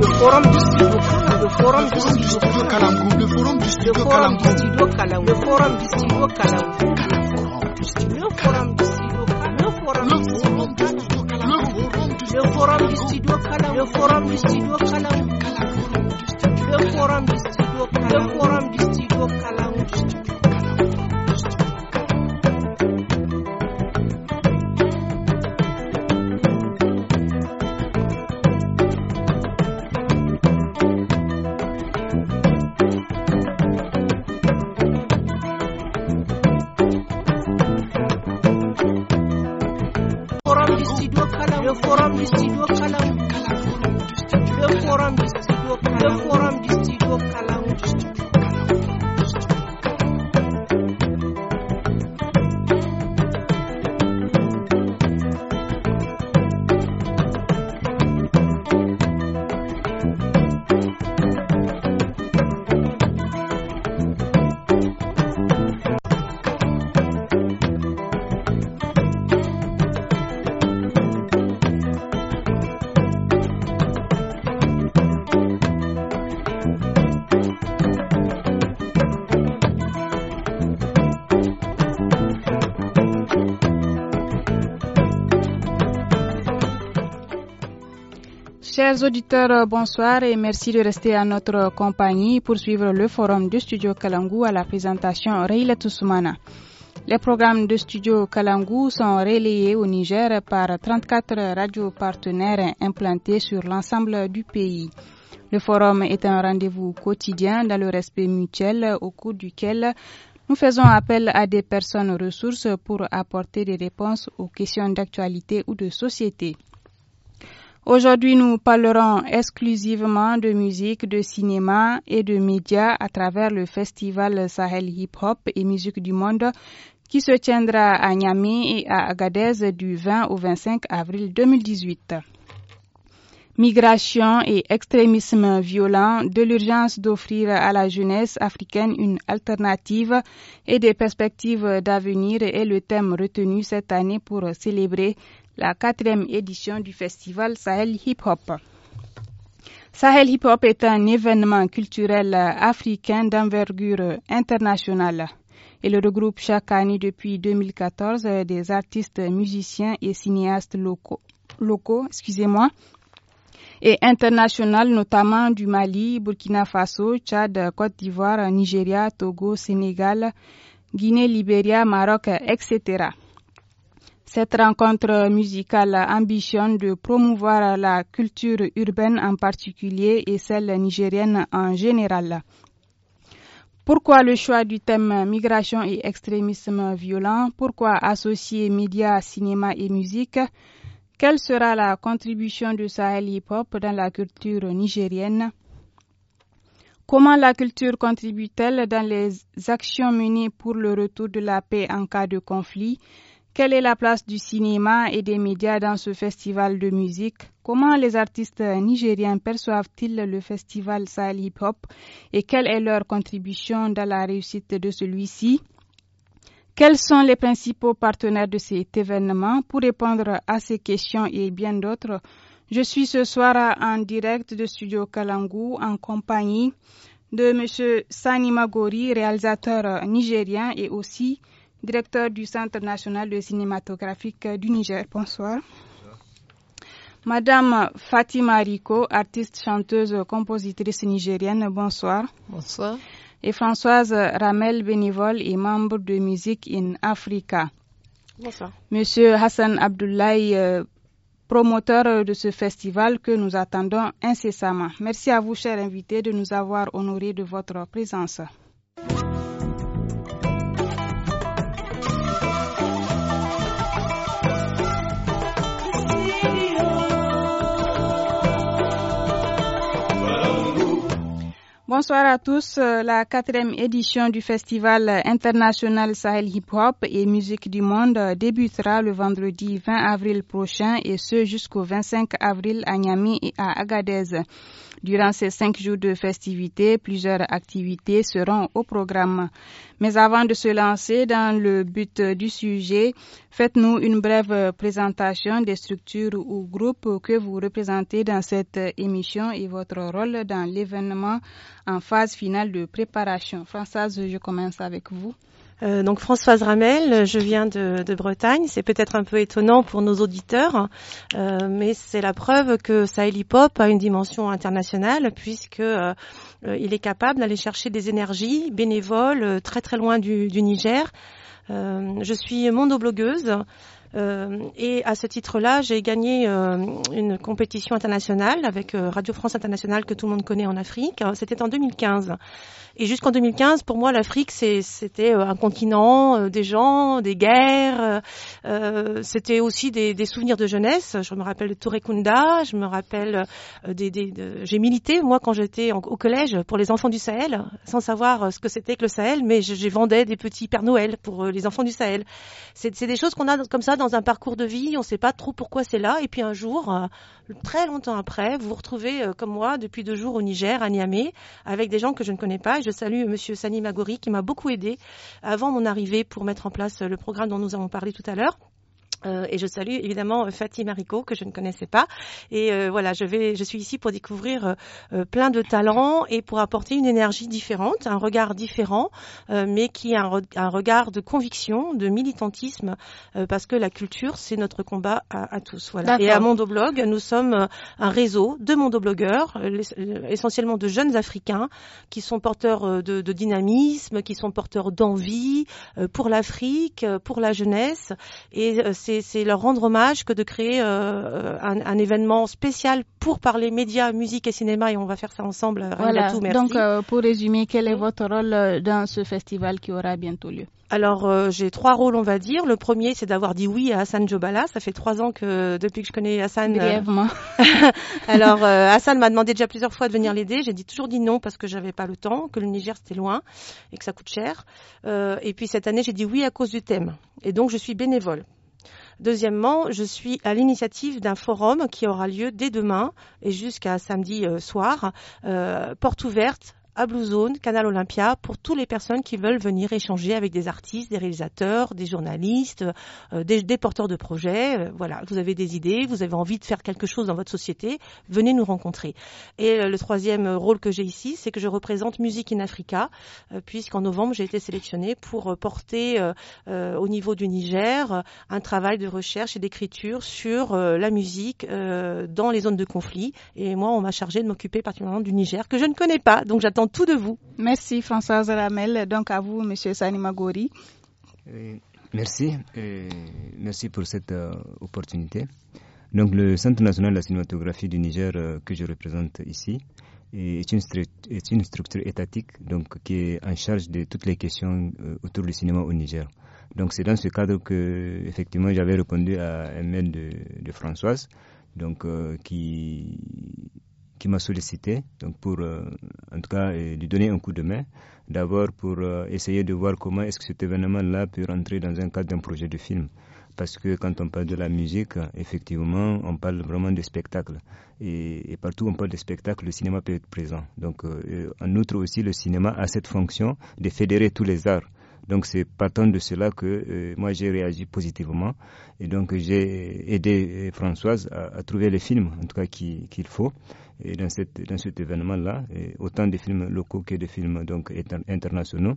The forum du studio le forum The studio Kalamkou le forum du studio Kalamkou le forum du studio Kalamkou le forum du studio Kalamkou le forum du studio Kalamkou le forum The studio Kalamkou le forum du studio Kalamkou le forum du studio Kalamkou le forum du studio Kalamkou Chers auditeurs, euh, bonsoir et merci de rester à notre compagnie pour suivre le forum du studio Kalangu à la présentation Reila Toussoumana. Les programmes de studio Kalangu sont relayés au Niger par 34 radios partenaires implantés sur l'ensemble du pays. Le forum est un rendez-vous quotidien dans le respect mutuel au cours duquel nous faisons appel à des personnes ressources pour apporter des réponses aux questions d'actualité ou de société. Aujourd'hui, nous parlerons exclusivement de musique, de cinéma et de médias à travers le festival Sahel Hip Hop et Musique du Monde qui se tiendra à Niamey et à Agadez du 20 au 25 avril 2018. Migration et extrémisme violent, de l'urgence d'offrir à la jeunesse africaine une alternative et des perspectives d'avenir est le thème retenu cette année pour célébrer la quatrième édition du festival Sahel Hip Hop. Sahel Hip Hop est un événement culturel africain d'envergure internationale. Il regroupe chaque année depuis 2014 des artistes, musiciens et cinéastes locaux, excusez-moi, et internationaux, notamment du Mali, Burkina Faso, Tchad, Côte d'Ivoire, Nigeria, Togo, Sénégal, Guinée, Libéria, Maroc, etc. Cette rencontre musicale ambitionne de promouvoir la culture urbaine en particulier et celle nigérienne en général. Pourquoi le choix du thème migration et extrémisme violent Pourquoi associer médias, cinéma et musique Quelle sera la contribution de Sahel Hip Hop dans la culture nigérienne Comment la culture contribue-t-elle dans les actions menées pour le retour de la paix en cas de conflit quelle est la place du cinéma et des médias dans ce festival de musique Comment les artistes nigériens perçoivent-ils le festival Sahel Hip Hop et quelle est leur contribution dans la réussite de celui-ci Quels sont les principaux partenaires de cet événement Pour répondre à ces questions et bien d'autres, je suis ce soir en direct de Studio Kalangu en compagnie de M. Sani Magori, réalisateur nigérien et aussi directeur du Centre national de cinématographique du Niger. Bonsoir. Madame Fatima Rico, artiste, chanteuse, compositrice nigérienne, bonsoir. Bonsoir. Et Françoise Ramel, bénévole et membre de Musique in Africa. Bonsoir. Monsieur Hassan Abdoulaye, euh, promoteur de ce festival que nous attendons incessamment. Merci à vous, chers invités, de nous avoir honorés de votre présence. Bonsoir à tous. Euh, la quatrième édition du Festival international Sahel Hip Hop et Musique du Monde euh, débutera le vendredi 20 avril prochain et ce jusqu'au 25 avril à Niamey et à Agadez. Durant ces cinq jours de festivités, plusieurs activités seront au programme. Mais avant de se lancer dans le but du sujet, faites-nous une brève présentation des structures ou groupes que vous représentez dans cette émission et votre rôle dans l'événement en phase finale de préparation. Françoise, je commence avec vous. Euh, donc Françoise Ramel, je viens de, Bretagne. C'est peut-être un peu étonnant pour nos auditeurs, euh, mais c'est la preuve que Sahel Hip Hop a une dimension internationale puisque euh, il est capable d'aller chercher des énergies bénévoles très très loin du, Niger. je suis mondoblogueuse. blogueuse. Euh, et à ce titre-là, j'ai gagné euh, une compétition internationale avec euh, Radio France Internationale que tout le monde connaît en Afrique. C'était en 2015. Et jusqu'en 2015, pour moi, l'Afrique, c'était euh, un continent, euh, des gens, des guerres. Euh, c'était aussi des, des, souvenirs de jeunesse. Je me rappelle de Tourekunda, je me rappelle euh, des... des J'ai milité, moi, quand j'étais au collège, pour les enfants du Sahel, sans savoir ce que c'était que le Sahel, mais j'ai vendais des petits Père Noël pour les enfants du Sahel. C'est des choses qu'on a comme ça dans un parcours de vie, on ne sait pas trop pourquoi c'est là. Et puis un jour, très longtemps après, vous vous retrouvez, comme moi, depuis deux jours au Niger, à Niamey, avec des gens que je ne connais pas je salue Monsieur Sani Magori qui m'a beaucoup aidé avant mon arrivée pour mettre en place le programme dont nous avons parlé tout à l'heure. Euh, et je salue évidemment euh, Fatih Rico que je ne connaissais pas. Et euh, voilà, je vais, je suis ici pour découvrir plein de talents et pour apporter une énergie différente, un regard différent, mais qui est un, regard de conviction, de militantisme, parce que la culture c'est notre combat à, à tous. Voilà. Et à Mondoblog, nous sommes un réseau de mondoblogueurs, essentiellement de jeunes Africains qui sont porteurs de, de dynamisme, qui sont porteurs d'envie pour l'Afrique, pour la jeunesse. Et c'est c'est leur rendre hommage que de créer euh, un, événement spécial pour parler médias, musique et cinéma. Et on va faire ça ensemble. Voilà. Tout, merci. Donc, euh, pour résumer, quel est votre rôle euh, dans ce festival qui aura bientôt lieu alors j'ai trois rôles on va dire. Le premier c'est d'avoir dit oui à Hassan Jobala. Ça fait trois ans que depuis que je connais Hassan. Brièvement. alors Hassan m'a demandé déjà plusieurs fois de venir l'aider. J'ai dit toujours dit non parce que j'avais pas le temps, que le Niger c'était loin et que ça coûte cher. et puis cette année j'ai dit oui à cause du thème. Et donc je suis bénévole. Deuxièmement, je suis à l'initiative d'un forum qui aura lieu dès demain et jusqu'à samedi euh, soir, euh, porte ouverte à Blue Zone, Canal Olympia, pour toutes les personnes qui veulent venir échanger avec des artistes, des réalisateurs, des journalistes, euh, des, porteurs de projets. Euh, voilà, vous avez des idées, vous avez envie de faire quelque chose dans votre société, venez nous rencontrer. Et euh, le troisième rôle que j'ai ici, c'est que je représente Musique in Africa, puisqu'en novembre, j'ai été sélectionnée pour porter au niveau du Niger un travail de recherche et d'écriture sur la musique dans les zones de conflit. Et moi, on m'a chargé de m'occuper particulièrement du Niger, que je ne connais pas, donc j'attends tout de vous. Merci Françoise Ramel. Donc à vous, Monsieur Sanimagori. Euh, merci. Euh, merci pour cette euh, opportunité. Donc le Centre national de la cinématographie du Niger que je représente ici est une, structure étatique donc, qui est en charge de toutes les questions autour du cinéma au Niger. Donc c'est dans ce cadre que effectivement j'avais répondu à un mail de, Françoise donc, qui qui m'a sollicité donc pour, euh, en tout cas, lui donner un coup de main. D'abord pour euh, essayer de voir comment est-ce que cet événement-là peut rentrer dans un cadre d'un projet de film. Parce que quand on parle de la musique, effectivement, on parle vraiment de spectacle. Et, et partout où on parle de spectacle, le cinéma peut être présent. Donc, euh, en outre aussi, le cinéma a cette fonction de fédérer tous les arts. Donc c'est partant de cela que moi j'ai réagi positivement et donc j'ai aidé Françoise à, trouver les films en tout cas qu'il faut et dans, cette, dans cet événement-là, autant des films locaux que de films donc, internationaux,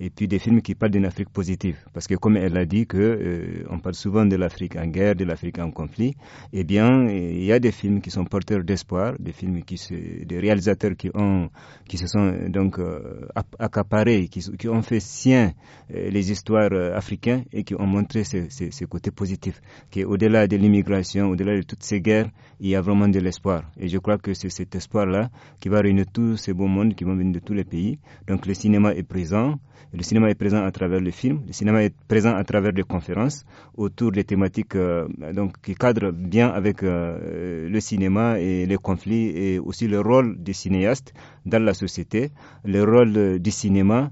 et puis des films qui parlent d'une Afrique positive. Parce que comme elle a dit, que, euh, on parle souvent de l'Afrique en guerre, de l'Afrique en conflit, eh bien, il y a des films qui sont porteurs d'espoir, des films qui se, des réalisateurs qui, ont, qui se sont donc euh, accaparés, qui, ont fait sien euh, les histoires africaines et qui ont montré ce, ce, ce côté positif, qu'au-delà de l'immigration, au-delà de toutes ces guerres, il y a vraiment de l'espoir. Et je crois que c'est cet espoir-là qui va réunir tous ces beaux mondes qui vont venir de tous les pays. Donc le cinéma est présent. Le cinéma est présent à travers le film. Le cinéma est présent à travers les conférences autour des thématiques euh, donc, qui cadrent bien avec euh, le cinéma et les conflits et aussi le rôle des cinéastes dans la société, le rôle euh, du cinéma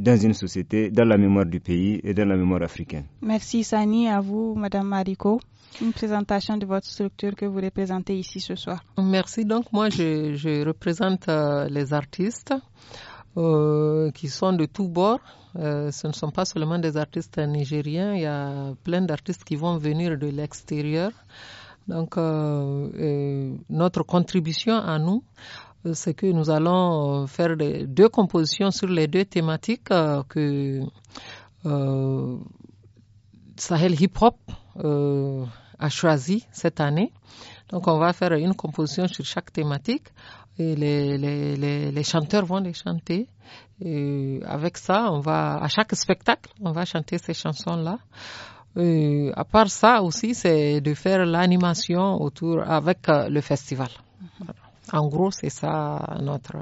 dans une société, dans la mémoire du pays et dans la mémoire africaine. Merci Sani, à vous, Madame Mariko une présentation de votre structure que vous représentez ici ce soir. Merci. Donc moi, je, représente euh, les artistes euh, qui sont de tous bords. Euh, ce ne sont pas seulement des artistes nigériens, il y a plein d'artistes qui vont venir de l'extérieur. Donc notre contribution à nous, c'est que nous allons faire deux compositions sur les deux thématiques que Sahel Hip Hop a choisi cette année. Donc on va faire une composition sur chaque thématique. Et les, chanteurs vont les chanter. Et avec ça, on va à chaque spectacle, on va chanter ces chansons-là. à part ça aussi, c'est de faire l'animation autour avec euh, le festival. Mhm. En gros, c'est ça notre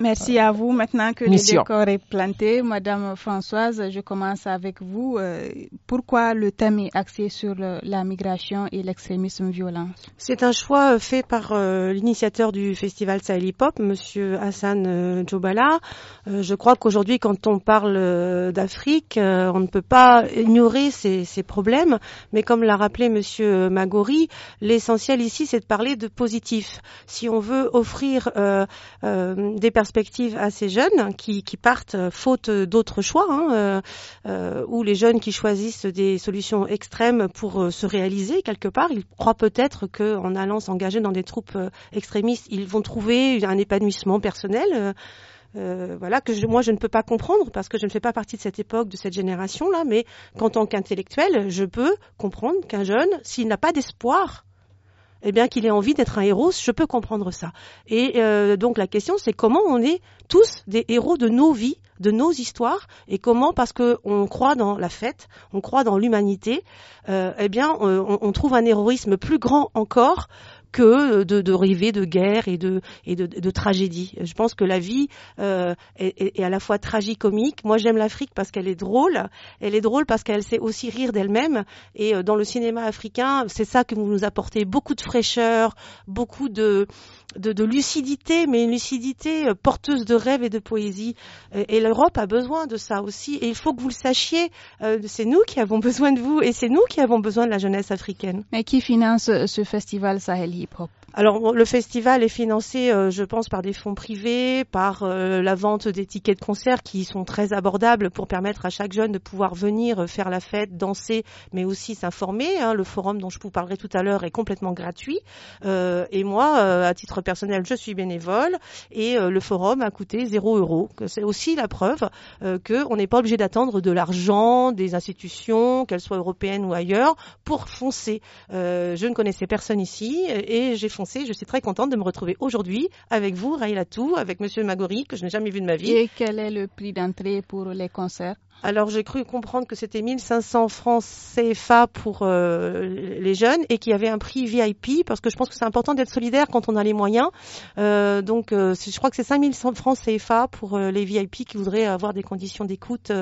Merci à vous. Maintenant que le décor est planté, Madame Françoise, je commence avec vous. Euh, pourquoi le thème est axé sur la migration et l'extrémisme violent C'est un choix euh, fait par euh, l'initiateur du festival Sahel Hip Hop, Monsieur Hassan Djobala. Je crois qu'aujourd'hui, quand on parle d'Afrique, on ne peut pas ignorer ces, problèmes. Mais comme l'a rappelé Monsieur Magori, l'essentiel ici, c'est de parler de positif. Si on veut offrir des personnes perspective à ces jeunes qui, partent euh, faute d'autres choix, hein, euh, euh, ou les jeunes qui choisissent des solutions extrêmes pour se réaliser quelque part. Ils croient peut-être qu'en allant s'engager dans des troupes extrémistes, ils vont trouver un épanouissement personnel. voilà que moi je ne peux pas comprendre parce que je ne fais pas partie de cette époque, de cette génération là, mais qu'en tant qu'intellectuel, je peux comprendre qu'un jeune, s'il n'a pas d'espoir eh bien qu'il ait envie d'être un héros, je peux comprendre ça. Et euh, donc la question c'est comment on est tous des héros de nos vies, de nos histoires, et comment parce que on croit dans la fête, on croit dans l'humanité, euh, eh bien euh, on, on, trouve un héroïsme plus grand encore que de, de rêver de guerre et de, tragédie. Je pense que la vie euh, est, à la fois comique. Moi, j'aime l'Afrique parce qu'elle est drôle. Elle est drôle parce qu'elle sait aussi rire d'elle-même. Et euh, dans le cinéma africain, c'est ça que vous nous apportez beaucoup de fraîcheur, beaucoup de de, de, lucidité, mais une lucidité euh, porteuse de rêves et de poésie. Euh, et, l'Europe a besoin de ça aussi. Et il faut que vous le sachiez, euh, c'est nous qui avons besoin de vous et c'est nous qui avons besoin de la jeunesse africaine. Mais qui finance ce festival Sahel Hip Hop alors le festival est financé, euh, je pense, par des fonds privés, par euh, la vente des tickets de concert qui sont très abordables pour permettre à chaque jeune de pouvoir venir euh, faire la fête, danser, mais aussi s'informer. Hein. Le forum dont je vous parlerai tout à l'heure est complètement gratuit. et moi, à titre personnel, je suis bénévole et le forum a coûté 0 euros. C'est aussi la preuve qu'on n'est pas obligé d'attendre de l'argent des institutions, qu'elles soient européennes ou ailleurs, pour foncer. je ne connaissais personne ici et j'ai foncé je suis très contente de me retrouver aujourd'hui avec vous, Raïla Tou, avec Monsieur Magori, que je n'ai jamais vu de ma vie. Et quel est le prix d'entrée pour les concerts alors j'ai cru comprendre que c'était 1500 francs CFA pour euh, les jeunes et qu'il y avait un prix VIP parce que je pense que c'est important d'être solidaire quand on a les moyens. Euh, donc euh, je crois que c'est 5100 francs CFA pour les VIP qui voudraient avoir des conditions d'écoute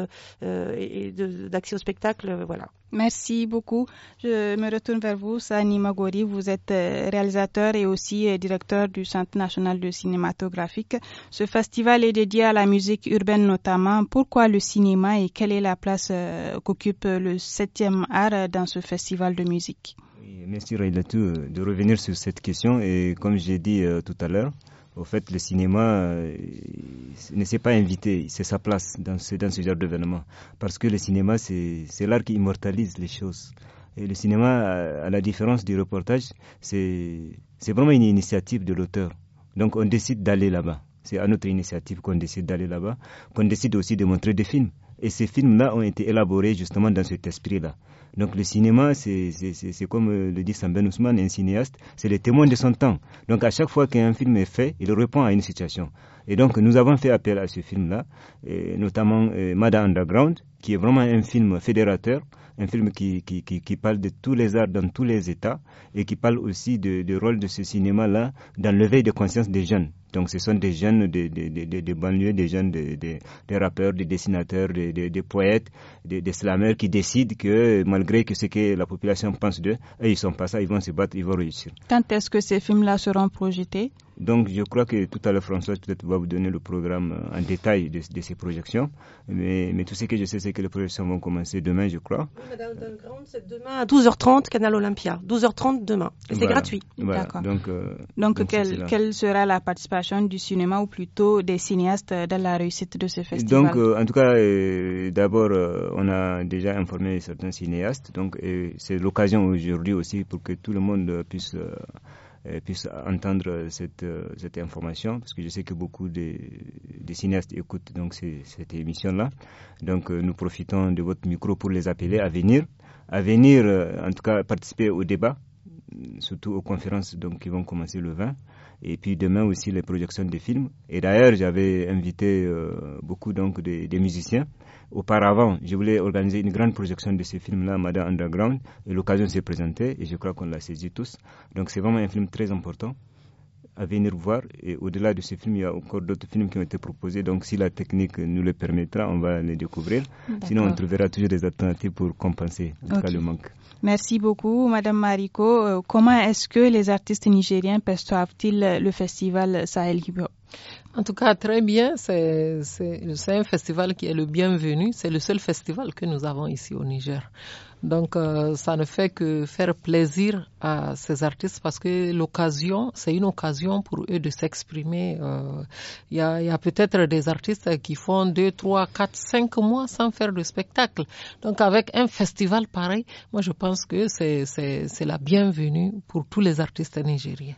et d'accès au spectacle. Voilà. Merci beaucoup. Je me retourne vers vous, Sani Magori. Vous êtes réalisateur et aussi directeur du Centre national de cinématographique. Ce festival est dédié à la musique urbaine notamment. Pourquoi le cinéma et quelle est la place euh, qu'occupe le 7e art dans ce festival de musique Merci Raïlatou de revenir sur cette question. Et comme j'ai dit euh, tout à l'heure, au fait, le cinéma euh, ne s'est pas invité, c'est sa place dans dans ce genre d'événement. Parce que le cinéma, c'est l'art qui immortalise les choses. Et le cinéma, à la différence du reportage, c'est vraiment une initiative de l'auteur. Donc on décide d'aller là-bas. C'est à notre initiative qu'on décide d'aller là-bas, qu'on décide aussi de montrer des films. Et ces films-là ont été élaborés justement dans cet esprit-là. Donc le cinéma, c'est comme euh, le dit Ben Ousmane, un cinéaste, c'est le témoin de son temps. Donc à chaque fois qu'un film est fait, il répond à une situation. Et donc nous avons fait appel à ce film-là, notamment euh, Mada Underground, qui est vraiment un film fédérateur, un film qui, qui, qui, parle de tous les arts dans tous les États et qui parle aussi du rôle de ce cinéma-là dans l'éveil de conscience des jeunes. Donc ce sont des jeunes des de, de, banlieues, des jeunes des rappeurs, des dessinateurs, des, poètes, des, slameurs qui décident que malgré que ce que la population pense d'eux, ils ne sont pas ça, ils vont se battre, ils vont réussir. Quand est-ce que ces films-là seront projetés donc je crois que tout à l'heure François peut-être va vous donner le programme euh, en détail de, ces projections. Mais, tout ce que je sais, c'est que les projections vont commencer demain, je crois. Madame c'est demain à 12h30, Canal Olympia. 12h30 demain. Et c'est gratuit. D'accord. Donc, euh, quelle, quelle, sera la participation du cinéma ou plutôt des cinéastes dans la réussite de ce euh, festival Donc en tout cas, d'abord, on a déjà informé certains cinéastes. Donc c'est l'occasion aujourd'hui aussi pour que tout le monde puisse euh, puissent entendre cette, euh, cette, information, parce que je sais que beaucoup de, de cinéastes écoutent donc cette émission-là. Donc euh, nous profitons de votre micro pour les appeler à venir, à venir en tout cas participer au débat, surtout aux conférences donc, qui vont commencer le 20 et puis demain aussi les projections des films. Et d'ailleurs, j'avais invité euh, beaucoup donc des, musiciens. Auparavant, je voulais organiser une grande projection de ce film-là, Madame Underground, et l'occasion s'est présentée, et je crois qu'on l'a saisi tous. Donc c'est vraiment un film très important à venir voir. Et au-delà de ce film, il y a encore d'autres films qui ont été proposés. Donc, si la technique nous le permettra, on va les découvrir. Sinon, on trouvera toujours des alternatives pour compenser le manque. Merci beaucoup, Madame Mariko. Euh, comment est-ce que les artistes nigériens perçoivent-ils le festival Sahel Hip en tout cas, très bien. C'est un festival qui est le bienvenu. C'est le seul festival que nous avons ici au Niger. Donc, euh, ça ne fait que faire plaisir à ces artistes parce que l'occasion, c'est une occasion pour eux de s'exprimer. Euh, il y a, y a peut-être des artistes qui font deux, trois, quatre, cinq mois sans faire de spectacle. Donc, avec un festival pareil, moi, je pense que c'est la bienvenue pour tous les artistes nigériens.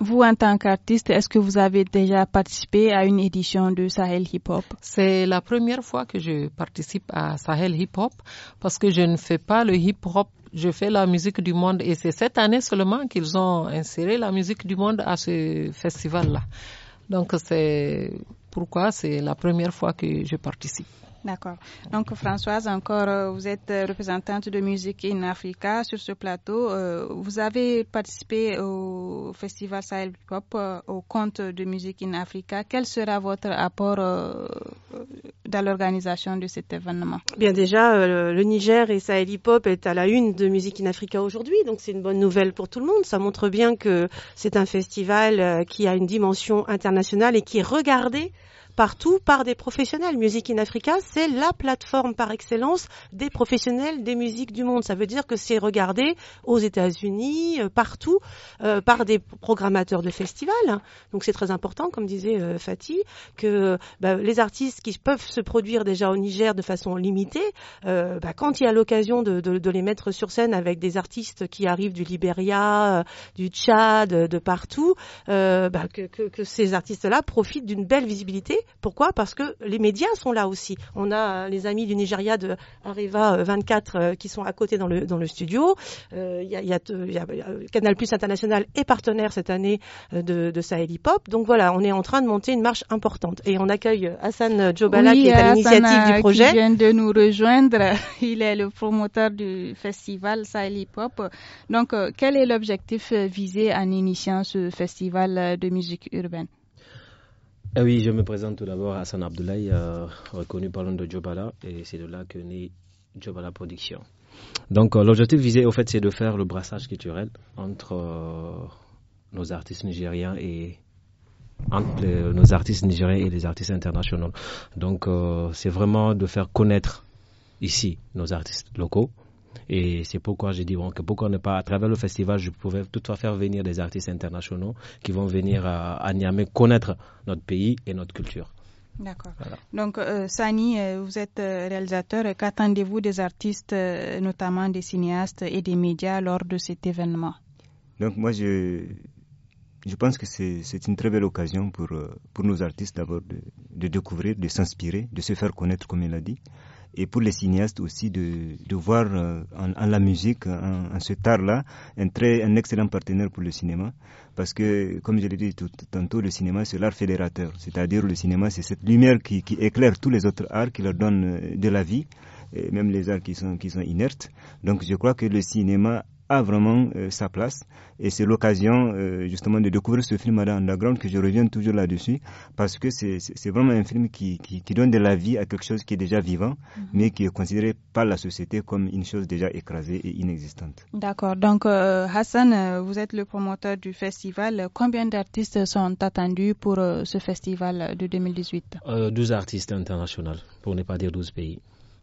Vous, en tant qu'artiste, est-ce que vous avez déjà participé à une édition de Sahel Hip Hop C'est la première fois que je participe à Sahel Hip Hop parce que je ne fais pas le hip hop je fais la musique du monde et c'est cette année seulement qu'ils ont inséré la musique du monde à ce festival-là. Donc c'est pourquoi c'est la première fois que je participe. D'accord. Donc Françoise, encore, euh, vous êtes euh, représentante de Musique in Africa sur ce plateau. Euh, vous avez participé au Festival Sahel Pop, au compte de Musique in Africa. Quel sera votre apport dans l'organisation de cet événement Bien déjà, le Niger et Sahel Hip Hop est à la une de Musique in Africa aujourd'hui, donc c'est une bonne nouvelle pour tout le monde. Ça montre bien que c'est un festival qui a une dimension internationale et qui est regardé partout par des professionnels. Music in Africa, c'est la plateforme par excellence des professionnels des musiques du monde. Ça veut dire que c'est regardé aux États-Unis, euh, partout, euh, par des programmateurs de festivals. Donc c'est très important, comme disait Fati, euh, Fatih, que bah, les artistes qui peuvent se produire déjà au Niger de façon limitée, bah, quand il y a l'occasion de, les mettre sur scène avec des artistes qui arrivent du Libéria, du Tchad, de, partout, bah, que, ces artistes-là profitent d'une belle visibilité pourquoi Parce que les médias sont là aussi. On a euh, les amis du Nigeria de Areva 24 euh, euh, qui sont à côté dans le, studio. Il y, a, Canal Plus International et partenaire cette année de, de Sahel Hip Hop. Donc voilà, on est en train de monter une marche importante. Et on accueille Hassan Djobala qui est à l'initiative du projet. Qui vient de nous rejoindre. Il est le promoteur du festival Sahel Hip Hop. Donc quel est l'objectif visé en initiant ce festival de musique urbaine eh oui, je me présente tout d'abord Hassan Abdoulaye, euh, reconnu par l'homme de Jobala, et c'est de là que naît Jobala Production. Donc euh, l'objectif visé, au fait, c'est de faire le brassage culturel entre euh, nos artistes nigériens et entre nos artistes nigériens et les artistes internationaux. Donc c'est vraiment de faire connaître ici nos artistes locaux, et c'est pourquoi j'ai dit que pourquoi ne pas, à travers le festival, je pouvais toutefois faire venir des artistes internationaux qui vont venir à, Niamey connaître notre pays et notre culture. D'accord. Donc, euh, Sani, euh, vous êtes euh, réalisateur. Qu'attendez-vous des artistes, notamment des cinéastes et des médias lors de cet événement Donc, moi, je, je pense que c'est une très belle occasion pour, pour nos artistes d'abord de, de, découvrir, de s'inspirer, de se faire connaître, comme il a dit et pour les cinéastes aussi de, de voir euh, en, en, la musique, en, en cet art-là, un, un excellent partenaire pour le cinéma. Parce que, comme je l'ai dit tout, tantôt, le cinéma, c'est l'art fédérateur. C'est-à-dire, le cinéma, c'est cette lumière qui, qui éclaire tous les autres arts, qui leur donne euh, de la vie. Et même les arts qui sont, qui sont inertes. Donc je crois que le cinéma a vraiment euh, sa place. Et c'est l'occasion euh, justement de découvrir ce film à Underground que je reviens toujours là-dessus parce que c'est vraiment un film qui, qui, donne de la vie à quelque chose qui est déjà vivant mhm. mais qui est considéré par la société comme une chose déjà écrasée et inexistante. D'accord. Donc euh, Hassan, vous êtes le promoteur du festival. Combien d'artistes sont attendus pour ce festival de 2018 12 artistes internationaux pour ne pas dire 12 pays.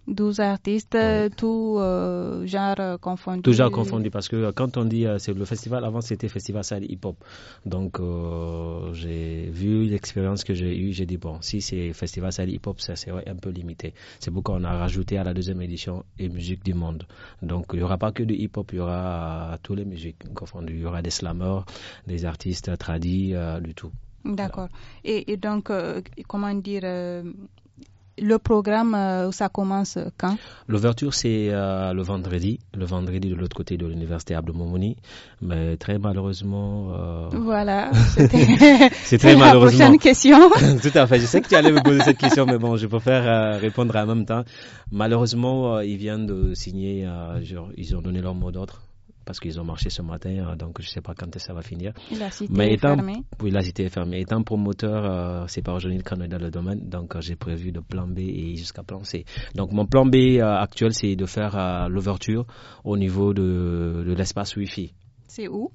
12 artistes, ah tout euh, genre confondu. Tout genre confondu, parce que euh, quand on dit euh, c'est le festival, avant c'était Festival Salle Hip Hop. Donc j'ai vu l'expérience que j'ai eue, j'ai dit bon, si c'est Festival Salle Hip Hop, ça c'est un peu limité. C'est pourquoi on a rajouté à la deuxième édition les musiques du monde. Donc il n'y aura pas que du hip hop, il y aura toutes les musiques confondues. Il y aura des slammers, des artistes tradis, du tout. D'accord. et, donc, comment dire le programme, euh, ça commence quand L'ouverture, c'est euh, le vendredi, le vendredi de l'autre côté de l'université Abdelmoumouni. Mais très malheureusement. Euh... Voilà, c'est très la malheureusement. prochaine question. Tout à fait. Je sais que tu allais me poser cette question, mais bon, je préfère euh, répondre en même temps. Malheureusement, euh, ils viennent de signer, genre, ils ont donné leur mot d'ordre parce qu'ils ont marché ce matin, euh, donc je ne sais pas quand ça va finir. Mais étant, Oui, la cité est fermée. Étant promoteur, euh, c'est pas aujourd'hui le Canada le domaine, donc euh, j'ai prévu de plan B et jusqu'à plan C. Donc mon plan B actuel, c'est de faire l'ouverture au niveau de, l'espace Wi-Fi. C'est où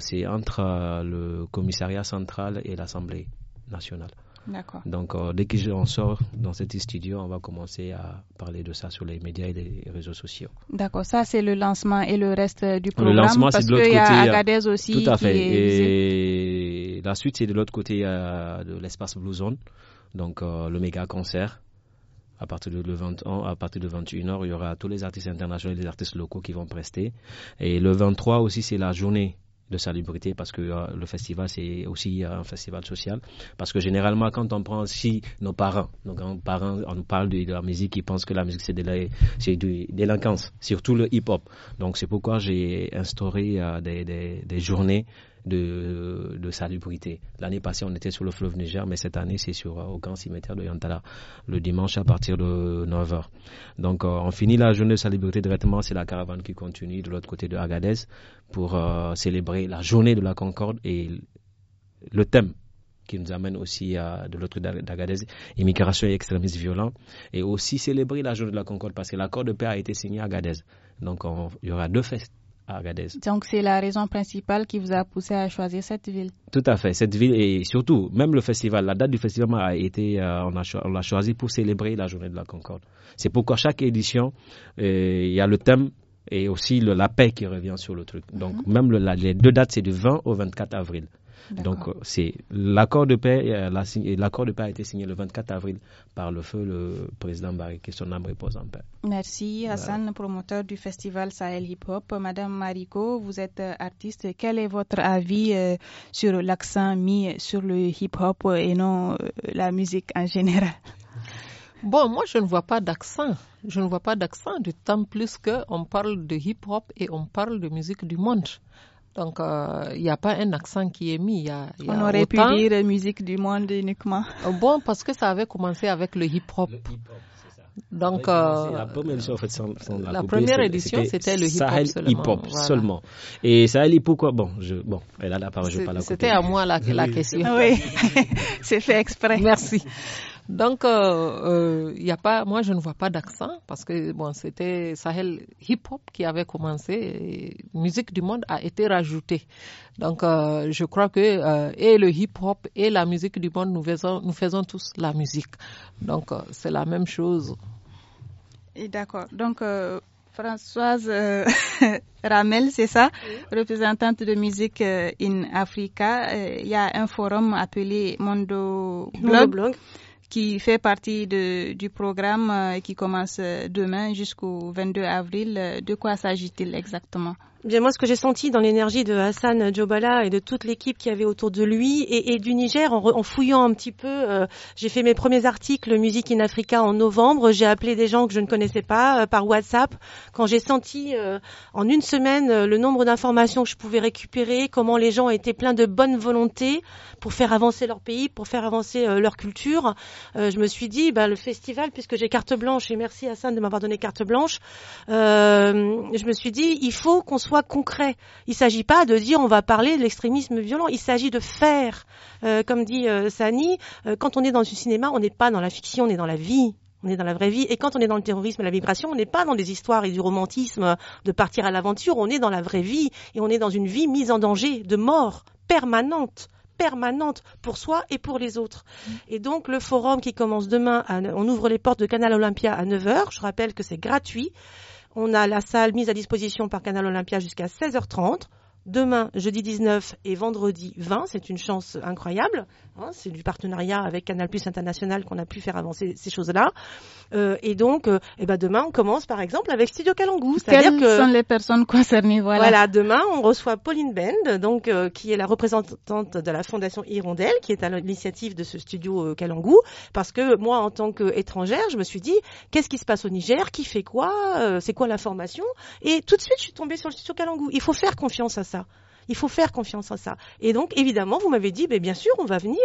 C'est entre le commissariat central et l'Assemblée nationale. D'accord. Donc, euh, dès dès en sort dans cet studio, on va commencer à parler de ça sur les médias et les réseaux sociaux. D'accord, ça c'est le lancement et le reste euh, du programme. Le lancement, c'est de l'autre côté. Y a Agadez aussi. Tout à fait. Et la suite, c'est de l'autre côté euh, de l'espace Blue Zone. Donc, le méga concert. À partir de 21, à partir de 21h, il y aura tous les artistes internationaux et les artistes locaux qui vont prester. Et le 23 aussi, c'est la journée de salubrité parce que euh, le festival c'est aussi euh, un festival social parce que généralement quand on prend si nos parents nos grands-parents on parle de, la musique ils pensent que la musique c'est de la c'est de délinquance surtout le hip-hop donc c'est pourquoi j'ai instauré euh, des, journées de, de salubrité. L'année passée, on était sur le fleuve Niger, mais cette année, c'est sur euh, au grand cimetière de Yantala, le dimanche à partir de 9h. Donc, euh, on finit la journée de salubrité directement. C'est la caravane qui continue de l'autre côté de Agadez pour euh, célébrer la journée de la Concorde et le thème qui nous amène aussi à de l'autre d'Agadez, immigration et extrémisme violent, et aussi célébrer la journée de la Concorde, parce que l'accord de paix a été signé à Agadez. Donc on, il y aura deux fêtes donc c'est la raison principale qui vous a poussé à choisir cette ville. Tout à fait, cette ville et surtout même le festival, la date du festival euh, a été, on l'a choisi pour célébrer la journée de la Concorde. C'est pourquoi chaque édition, euh, il y a le thème et aussi la paix qui revient sur le truc. Donc mm-hmm. même les deux dates, c'est du 20 au 24 avril. Donc euh, c'est l'accord de paix. Euh, l'accord de paix a été signé le 24 avril par le feu le président Barry, que son âme repose en paix. Merci Hassan, promoteur du festival Sahel Hip Hop. Madame Mariko, vous êtes euh, artiste. Quel est votre avis sur l'accent mis sur le hip hop et non la musique en général? Bon, moi, je ne vois pas d'accent. Je ne vois pas d'accent, d'autant plus qu'on parle de hip-hop et on parle de musique du monde. Donc, il euh, n'y a pas un accent qui est mis. Y a, y a On aurait pu dire musique du monde uniquement. Euh, bon, parce que ça avait commencé avec le hip-hop. Hip Donc, euh, la première édition, la, première édition, c'était le hip-hop seulement. Hip-hop seulement. Et Sahel hip pourquoi Bon, je, bon, elle a la parole, je vais pas la C'était à moi la, la question. Oui, c'est fait exprès. Merci. Donc, il euh, euh, y a pas, moi, je ne vois pas d'accent parce que bon, c'était Sahel Hip Hop qui avait commencé. Et musique du monde a été rajoutée. Donc, euh, je crois que euh, et le hip hop et la musique du monde, nous faisons, nous faisons tous la musique. Donc, c'est la même chose. Et d'accord. Donc Françoise Ramel, c'est ça, représentante de musique in Africa. Il y a un forum appelé Mondo Mondo Blog qui fait partie de, du programme euh, qui commence euh, demain jusqu'au 22 avril. Euh, de quoi s'agit-il exactement moi, ce que j'ai senti dans l'énergie de Hassan Djobala et de toute l'équipe qui avait autour de lui et, du Niger, en, fouillant un petit peu, euh, j'ai fait mes premiers articles Musique in Africa en novembre. J'ai appelé des gens que je ne connaissais pas euh, par WhatsApp. Quand j'ai senti euh, en une semaine le nombre d'informations que je pouvais récupérer, comment les gens étaient pleins de bonne volonté pour faire avancer leur pays, pour faire avancer leur culture, je me suis dit, bah, le festival, puisque j'ai carte blanche et merci Hassan de m'avoir donné carte blanche, je me suis dit, il faut qu'on soit concret. Il ne s'agit pas de dire on va parler de l'extrémisme violent. Il s'agit de faire. Euh, comme dit euh, Sani, euh, quand on est dans un cinéma, on n'est pas dans la fiction, on est dans la vie. On est dans la vraie vie. Et quand on est dans le terrorisme et la vibration, on n'est pas dans des histoires et du romantisme de partir à l'aventure. On est dans la vraie vie. Et on est dans une vie mise en danger, de mort permanente permanente pour soi et pour les autres. Et donc le forum qui commence demain, on ouvre les portes de Canal Olympia à 9h, je rappelle que c'est gratuit. On a la salle mise à disposition par Canal Olympia jusqu'à 16h30 demain, jeudi 19 et vendredi 20. C'est une chance incroyable. Hein, c'est du partenariat avec Canal Plus International qu'on a pu faire avancer ces choses-là. Euh, et donc, euh, eh ben demain, on commence par exemple avec Studio Kalangu. Quelles que, sont les personnes concernées voilà. voilà. demain, on reçoit Pauline Bend, donc euh, qui est la représentante de la Fondation Hirondelle, qui est à l'initiative de ce studio euh, Kalangu. Parce que moi, en tant qu'étrangère, je me suis dit, qu'est-ce qui se passe au Niger Qui fait quoi C'est quoi la formation Et tout de suite, je suis tombée sur le studio Kalangu. Il faut faire confiance à ça. 있어. Il faut faire confiance à ça. Et donc, évidemment, vous m'avez dit, ben bien sûr, on va venir.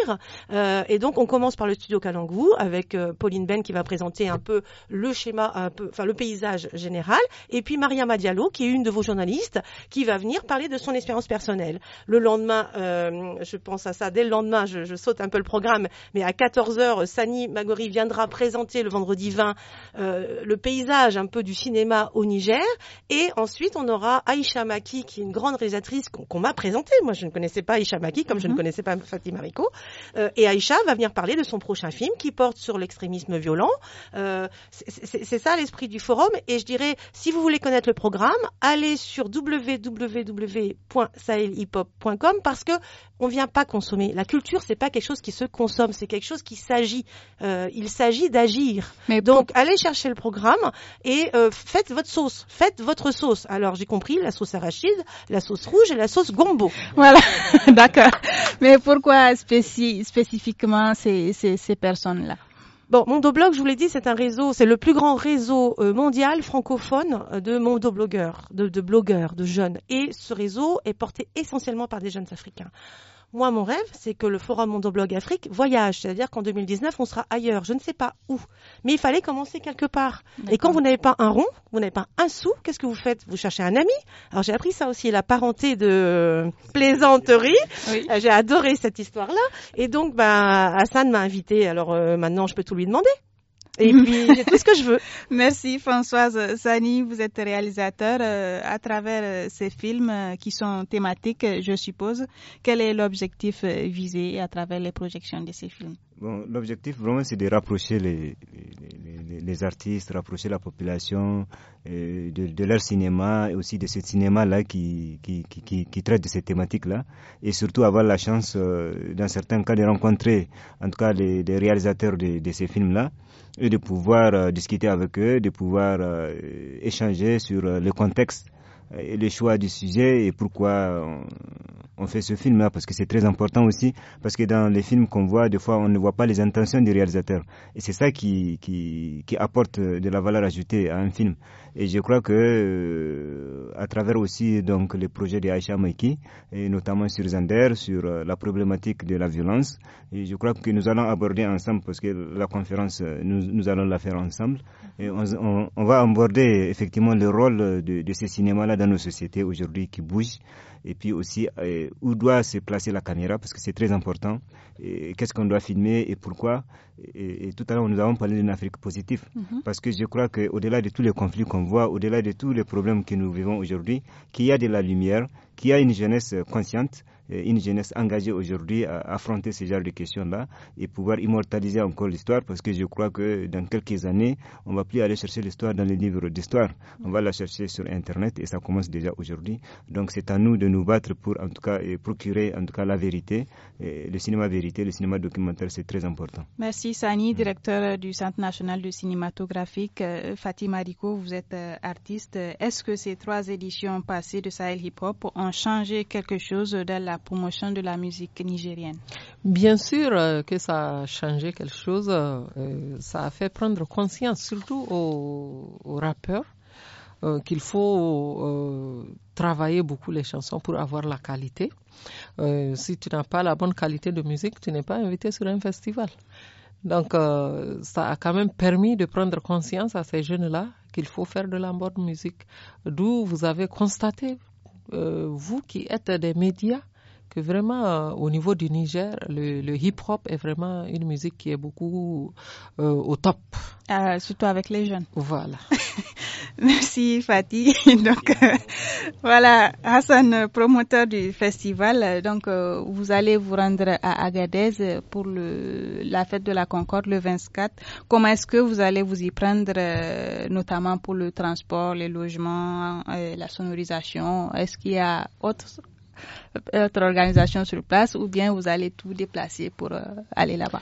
Euh, et donc, on commence par le studio Kalangu avec euh, Pauline Ben qui va présenter un peu le schéma, un peu, enfin le paysage général. Et puis Maria Madialo, qui est une de vos journalistes, qui va venir parler de son expérience personnelle. Le lendemain, euh, je pense à ça, dès le lendemain, je, saute un peu le programme, mais à 14h, Sani Magori viendra présenter le vendredi 20 le paysage un peu du cinéma au Niger. Et ensuite, on aura Aïcha Maki, qui est une grande réalisatrice qu'on m'a présenté. Moi, je ne connaissais pas Aïcha Maki comme je ne mhm. connaissais pas Fatima Rico. Euh, et Aïcha va venir parler de son prochain film qui porte sur l'extrémisme violent. Euh, c'est ça l'esprit du forum. Et je dirais, si vous voulez connaître le programme, allez sur www.sahelhiphop.com parce que on vient pas consommer. La culture, c'est pas quelque chose qui se consomme, c'est quelque chose qui s'agit. Euh, il s'agit d'agir. Donc, allez chercher le programme et euh, faites votre sauce. Faites votre sauce. Alors, j'ai compris la sauce arachide, la sauce rouge et la sauce gombo. Voilà, d'accord. Mais pourquoi spécifiquement ces, personnes-là Bon, Mondoblog, je vous l'ai dit, c'est un réseau, c'est le plus grand réseau euh, mondial francophone euh, de mondoblogueurs, de blogueurs, de jeunes. Et ce réseau est porté essentiellement par des jeunes africains. Moi, mon rêve, c'est que le forum Mondoblog Afrique voyage, c'est-à-dire qu'en 2019, on sera ailleurs, je ne sais pas où. Mais il fallait commencer quelque part. Et quand vous n'avez pas un rond, vous n'avez pas un sou, qu'est-ce que vous faites Vous cherchez un ami. Alors j'ai appris ça aussi, la parenté de plaisanterie. Euh, j'ai adoré cette histoire-là. Et donc, bah, Hassan m'a invité. Alors euh, maintenant, je peux tout lui demander. Et puis, j'ai tout ce que je veux. Merci Françoise Sani, vous êtes réalisateur. Euh, à travers euh, ces films euh, qui sont thématiques, je suppose, quel est l'objectif visé à travers les projections de ces films bon, L'objectif vraiment, c'est de rapprocher les, les, les, artistes, rapprocher la population de, de, leur cinéma et aussi de ce cinéma-là qui, qui, qui, traite de ces thématiques-là. Et surtout avoir la chance, dans certains cas, de rencontrer en tout cas les, les réalisateurs de, de ces films-là et de pouvoir euh, discuter avec eux, de pouvoir euh, échanger sur euh, le contexte et le choix du sujet et pourquoi on fait ce film-là parce que c'est très important aussi, parce que dans les films qu'on voit, des fois, on ne voit pas les intentions du réalisateur. Et c'est ça qui, qui, apporte euh, de la valeur ajoutée à un film. Et je crois que, euh, à travers aussi donc les projets de Aisha Maiki, et notamment sur Zander, sur euh, la problématique de la violence, et je crois que nous allons aborder ensemble, parce que la conférence, nous, nous allons la faire ensemble, et on, va aborder effectivement le rôle de, de ces cinémas-là dans nos sociétés aujourd'hui qui bougent et puis aussi euh, où doit se placer la caméra parce que c'est très important. Qu'est-ce qu'on doit filmer et pourquoi et, tout à l'heure, nous avons parlé d'une Afrique positive mhm. parce que je crois qu'au-delà de tous les conflits qu'on voit, au-delà de tous les problèmes que nous vivons aujourd'hui, qu'il y a de la lumière qu'il y a une jeunesse consciente, une jeunesse engagée aujourd'hui à affronter ce genre de questions-là et pouvoir immortaliser encore l'histoire parce que je crois que dans quelques années, on va plus aller chercher l'histoire dans les livres d'histoire. On va la chercher sur Internet et ça commence déjà aujourd'hui. Donc c'est à nous de nous battre pour en tout cas procurer en tout cas la vérité. le cinéma vérité, le cinéma documentaire, c'est très important. Merci Sani, mm. directeur du Centre national du cinématographique. Euh, Fatima Rico, vous êtes euh, artiste. Est-ce que ces trois éditions passées de Sahel Hip Hop ont changer quelque chose dans la promotion de la musique nigérienne Bien sûr euh, que ça a changé quelque chose. Euh, ça a fait prendre conscience, surtout aux, rappeurs, euh, qu'il faut travailler beaucoup les chansons pour avoir la qualité. si tu n'as pas la bonne qualité de musique, tu n'es pas invité sur un festival. Donc, ça a quand même permis de prendre conscience à ces jeunes-là qu'il faut faire de la bonne musique. D'où vous avez constaté euh, vous qui êtes des médias, que vraiment euh, au niveau du Niger, le, hip-hop est vraiment une musique qui est beaucoup euh, au top. Ah, surtout avec les jeunes. Voilà. Merci Fatih. Donc euh, voilà, Hassan, promoteur du festival, donc vous allez vous rendre à Agadez pour le, la fête de la Concorde le 24. Comment est-ce que vous allez vous y prendre, notamment pour le transport, les logements, la sonorisation Est-ce qu'il y a autre euh, votre organisation sur place ou bien vous allez tout déplacer pour euh, aller là-bas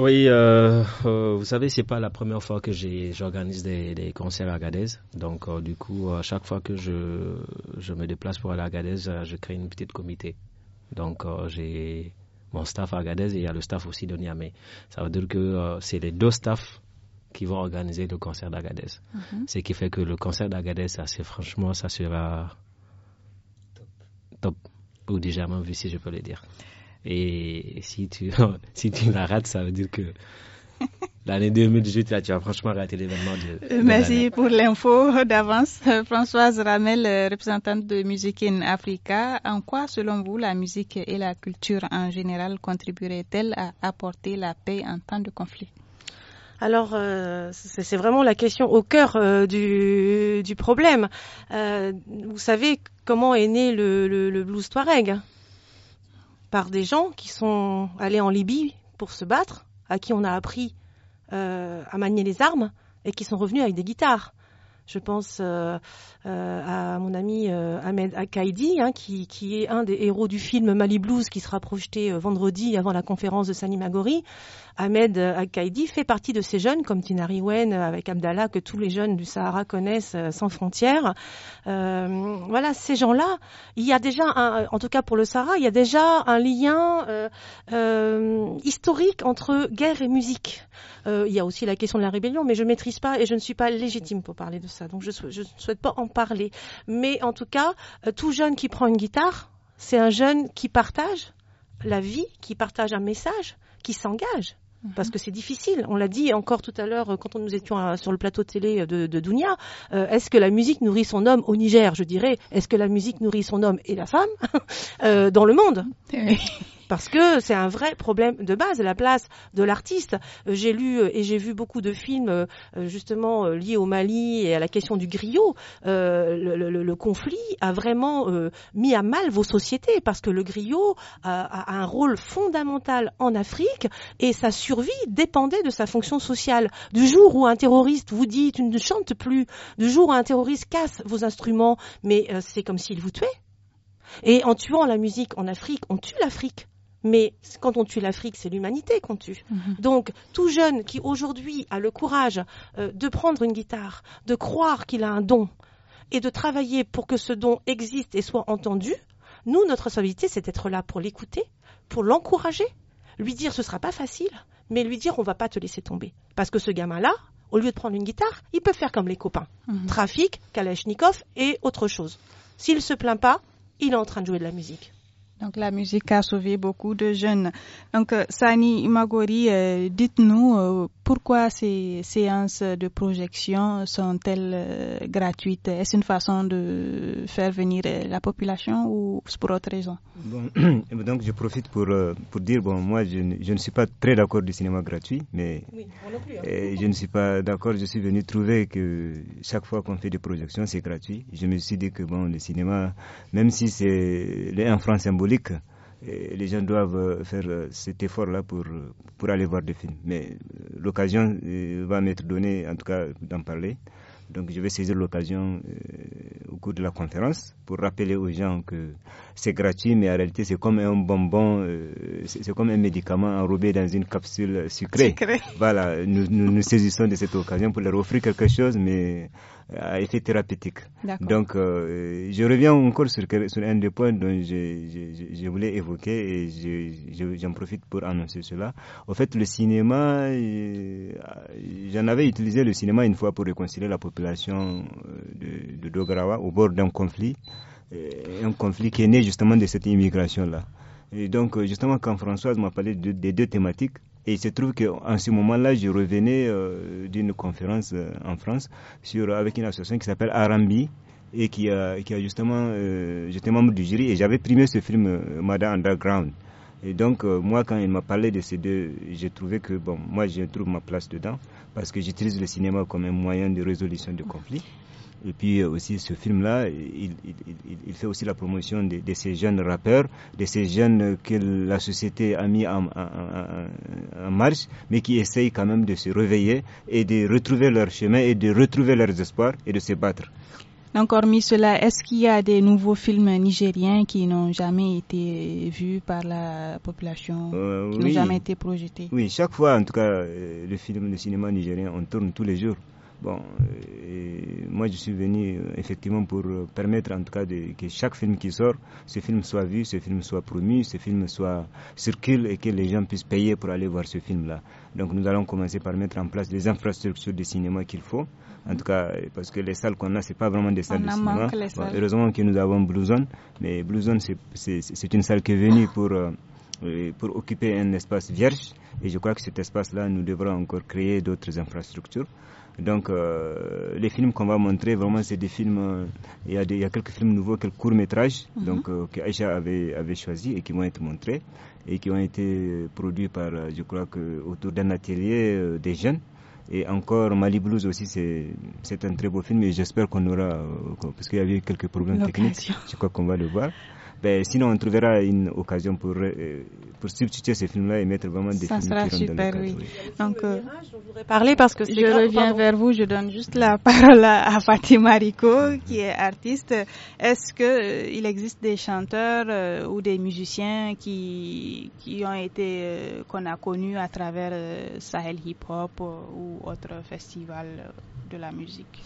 oui, euh, vous savez, ce n'est pas la première fois que j'organise des, concerts à Agadez. Donc, du coup, à chaque fois que je, me déplace pour aller à Agadez, je crée une petite comité. Donc, j'ai mon staff à Agadez et il y a le staff aussi de Niamey. Ça veut dire que c'est les deux staffs qui vont organiser le concert d'Agadez. Mm-hmm. Ce qui fait que le concert d'Agadez, franchement, ça sera top ou légèrement vu, si je peux le dire. Et si tu, si tu la rates, ça veut dire que l'année 2018, là, tu as franchement raté l'événement. De, euh, Merci pour l'info d'avance. Euh, Françoise Ramel, euh, représentante de Musique in Africa, en quoi, selon vous, la musique et la culture en général contribueraient-elles à apporter la paix en temps de conflit alors, euh, c'est vraiment la question au cœur euh, du, problème. Euh, vous savez comment est né le, le, blues Touareg Par des gens qui sont allés en Libye pour se battre, à qui on a appris à manier les armes et qui sont revenus avec des guitares. Je pense à mon ami Ahmed Akaidi, hein, qui, est un des héros du film Mali Blues, qui sera projeté vendredi avant la conférence de Sani Ahmed al fait partie de ces jeunes, comme Tinari Wen euh, avec Abdallah, que tous les jeunes du Sahara connaissent euh, sans frontières. Euh, voilà, ces gens-là, il y a déjà, en tout cas pour le Sahara, il y a déjà un lien historique entre guerre et musique. il y a aussi la question de la rébellion, mais je ne maîtrise pas et je ne suis pas légitime pour parler de ça, donc je, je ne souhaite pas en parler. Mais en tout cas, tout jeune qui prend une guitare, c'est un jeune qui partage la vie, qui partage un message, qui s'engage. Mhm. Parce que c'est difficile. On l'a dit encore tout à l'heure euh, quand nous étions sur le plateau télé euh, de, Dounia. Euh, est-ce que la musique nourrit son homme au Niger, je dirais Est-ce que la musique nourrit son homme et la femme dans le monde parce que c'est un vrai problème de base, la place de l'artiste. Euh, j'ai lu euh, et j'ai vu beaucoup de films euh, justement liés au Mali et à la question du griot. le, conflit a vraiment mis à mal vos sociétés parce que le griot a, un rôle fondamental en Afrique et sa survie dépendait de sa fonction sociale. Du jour où un terroriste vous dit tu ne chantes plus, du jour où un terroriste casse vos instruments, mais c'est comme s'il vous tuait. Et en tuant la musique en Afrique, on tue l'Afrique. Mais quand on tue l'Afrique, c'est l'humanité qu'on tue. Mhm. Donc, tout jeune qui aujourd'hui a le courage euh, de prendre une guitare, de croire qu'il a un don et de travailler pour que ce don existe et soit entendu, nous, notre responsabilité, c'est d'être là pour l'écouter, pour l'encourager, lui dire ce sera pas facile, mais lui dire on va pas te laisser tomber. Parce que ce gamin-là, au lieu de prendre une guitare, il peut faire comme les copains. Mhm. Trafic, Kalachnikov et autre chose. S'il se plaint pas, il est en train de jouer de la musique. Donc la musique a sauvé beaucoup de jeunes. Donc euh, Sani Imagori, euh, dites-nous euh, pourquoi ces séances de projection sont-elles gratuites Est-ce une façon de faire venir la population ou pour autre raison bon, eh ben Donc je profite pour, pour dire, bon moi je, ne, je ne suis pas très d'accord du cinéma gratuit, mais hein. eh, je ne suis pas d'accord, je suis venu trouver que chaque fois qu'on fait des projections c'est gratuit. Je me suis dit que bon le cinéma, même si c'est en France symbolique, et les gens doivent faire euh, cet effort-là pour, pour aller voir des films. Mais euh, l'occasion euh, va m'être donnée, en tout cas, d'en parler. Donc je vais saisir l'occasion au cours de la conférence pour rappeler aux gens que c'est gratuit, mais en réalité, c'est comme un bonbon, euh, c'est comme un médicament enrobé dans une capsule sucrée. Voilà, nous, nous, saisissons de cette occasion pour leur offrir quelque chose, mais euh, à effet thérapeutique. Donc, euh, je reviens encore sur, un des points dont je, je, voulais évoquer et j'en profite pour annoncer cela. Au fait, le cinéma, j'en avais utilisé le cinéma une fois pour réconcilier la population de, de Dograwa au bord d'un conflit. Euh, un conflit qui est né justement de cette immigration-là. Et donc, euh, justement, quand Françoise m'a parlé de, des deux thématiques, et il se trouve qu'en ce moment-là, je revenais euh, d'une conférence en France sur, avec une association qui s'appelle Arambi et qui a, qui a justement. J'étais membre du jury et j'avais primé ce film Madame Underground. Et donc, moi, quand il m'a parlé de ces deux, j'ai trouvé que, bon, moi, je trouve ma place dedans parce que j'utilise le cinéma comme un moyen de résolution de conflit. Et puis euh, aussi ce film-là, il, il, il, il, fait aussi la promotion de, de, ces jeunes rappeurs, de ces jeunes que la société a mis en, en, en, marche, mais qui essayent quand même de se réveiller et de retrouver leur chemin et de retrouver leurs espoirs et de se battre. Donc, hormis cela, est-ce qu'il y a des nouveaux films nigériens qui n'ont jamais été vus par la population, euh, qui n'ont jamais été projetés Oui, chaque fois, en tout cas, euh, le film, de cinéma nigérien, on tourne tous les jours. Bon, moi je suis venu euh, effectivement pour euh, permettre en tout cas que chaque film qui sort, ce film soit vu, ce film soit promu, ce film soit circule et que les gens puissent payer pour aller voir ce film-là. Donc nous allons commencer par mettre en place les infrastructures de cinéma qu'il faut. En tout cas, euh, parce que les salles qu'on a, c'est pas vraiment des salles de cinéma. heureusement que nous avons Blue Zone, mais Blue Zone c'est une salle qui est venue pour pour occuper un espace vierge. Et je crois que cet espace-là, nous devrons encore créer d'autres infrastructures. Donc, euh, les films qu'on va montrer, vraiment, c'est des films. Euh, il y, y, a quelques films nouveaux, quelques courts-métrages mhm. donc, euh, que Aïcha avait, avait choisi et qui vont être montrés et qui ont été produits par, je crois, que, autour d'un atelier des jeunes. Et encore, Mali Blues aussi, c'est un très beau film et j'espère qu'on aura, parce qu'il y avait quelques problèmes techniques, je crois qu'on va le voir ben, sinon on trouvera une occasion pour, euh, pour substituer ces films-là et mettre vraiment des Ça films sera qui super, dans oui. Euh, Donc, je voudrais parler parce que je reviens vers vous, je donne juste la parole à Fatima Rico qui est artiste. Est-ce que euh, il existe des chanteurs euh, ou des musiciens qui, qui ont été qu'on a connus à travers Sahel Hip Hop ou autres festivals de la musique?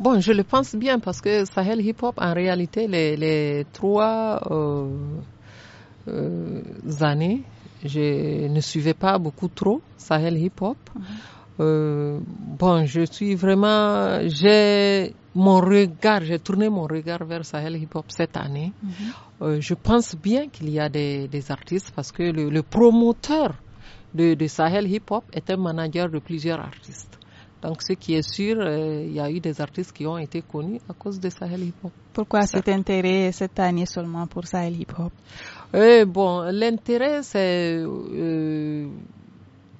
Bon, je le pense bien parce que Sahel Hip Hop, en réalité, les, trois euh, euh, années, je ne suivais pas beaucoup trop Sahel Hip Hop. Mhm. Euh, bon, je suis vraiment, j'ai mon regard, j'ai tourné mon regard vers Sahel Hip Hop cette année. Mhm. je pense bien qu'il y a des, artistes parce que le, promoteur de, de Sahel Hip Hop est un manager de plusieurs artistes. Donc ce qui est sûr, euh, il y a eu des artistes qui ont été connus à cause de Sahel Hip Hop. Pourquoi cet intérêt cette année seulement pour Sahel Hip Hop euh, Bon, l'intérêt c'est euh,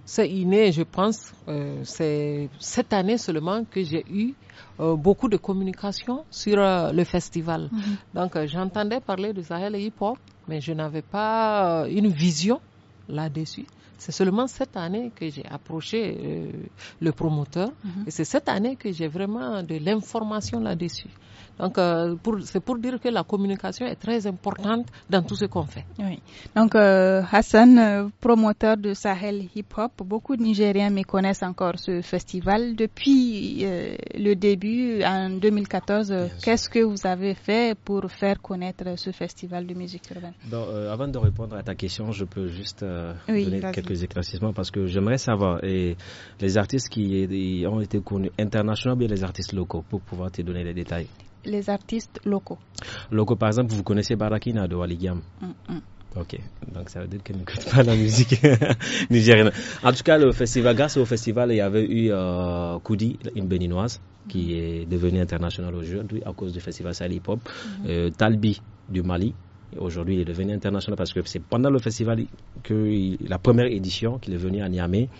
c'est inné, je pense. Euh, c'est cette année seulement que j'ai eu beaucoup de communication sur le festival. Mm-hmm. Donc j'entendais parler de Sahel Hip Hop, mais je n'avais pas une vision là-dessus. C'est seulement cette année que j'ai approché euh, le promoteur mm-hmm. et c'est cette année que j'ai vraiment de l'information là-dessus. Donc, euh, c'est pour dire que la communication est très importante dans tout ce qu'on fait. Oui. Donc, euh, Hassan, euh, promoteur de Sahel Hip Hop, beaucoup de Nigériens méconnaissent encore ce festival. Depuis le début, en 2014, qu'est-ce que vous avez fait pour faire connaître ce festival de musique urbaine Avant de répondre à ta question, je peux juste donner quelques éclaircissements parce que j'aimerais savoir et les artistes qui ont été connus internationaux, et les artistes locaux, pour pouvoir te donner les détails les artistes locaux Locaux, par exemple, vous connaissez Barakina de Waligam mm, mm. Ok, donc ça veut dire qu'elle n'écoute pas la musique nigérienne. En tout cas, le festival, grâce au festival, il y avait eu euh, Koudi, une béninoise, qui mm. est devenue internationale aujourd'hui à cause du festival Sally Pop. Euh, Talbi du Mali, aujourd'hui il est devenu international parce que c'est pendant le festival que la première édition qu'il est venu à Niamey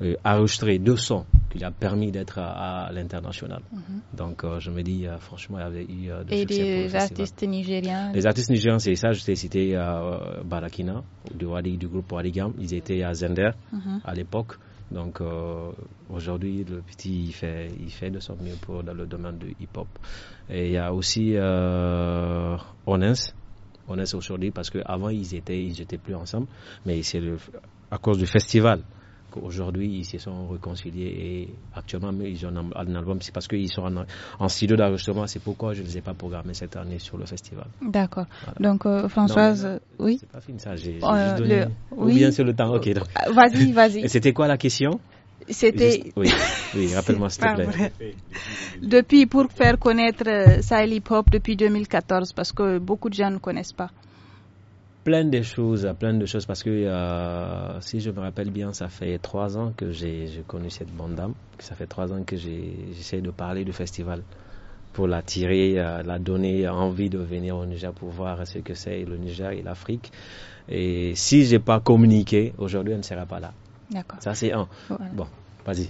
a euh, enregistré deux sons qui lui a permis d'être à, l'international. Mhm. Donc euh, je me dis euh, franchement il y avait eu Et succès les artistes nigériens. Les artistes nigériens c'est ça je t'ai cité Barakina du, groupe Wadigam ils étaient à Zender mhm. à l'époque. Donc aujourd'hui, le petit, il fait, il fait de son mieux pour dans le domaine du hip-hop. Et il y a aussi euh, Onens, aujourd'hui, parce qu'avant, ils étaient, ils étaient plus ensemble, mais c'est à cause du festival. Aujourd'hui, ils se sont réconciliés et actuellement ils ont un album. C'est parce qu'ils sont en, en studio c'est pourquoi je ne les ai pas programmés cette année sur le festival. D'accord. Donc euh, Françoise, oui. C'est pas fini ça, j'ai oh, le... oui. bien c'est le temps, ok. Euh, ah, vas-y, vas-y. C'était quoi la question c'était. Oui, oui rappelle-moi s'il te plaît. Depuis, pour faire connaître euh, Sahel Hip Hop depuis 2014, parce que beaucoup de gens ne connaissent pas plein de choses, plein de choses, parce que euh, si je me rappelle bien, ça fait trois ans que j'ai connu cette bande d'âme, ça fait trois ans que j'essaie de parler du festival pour l'attirer, euh, la donner envie de venir au Niger pour voir ce que c'est le Niger et l'Afrique. Et si j'ai pas communiqué, aujourd'hui, elle ne sera pas là. D'accord. Ça, c'est un. Bon, Vas-y.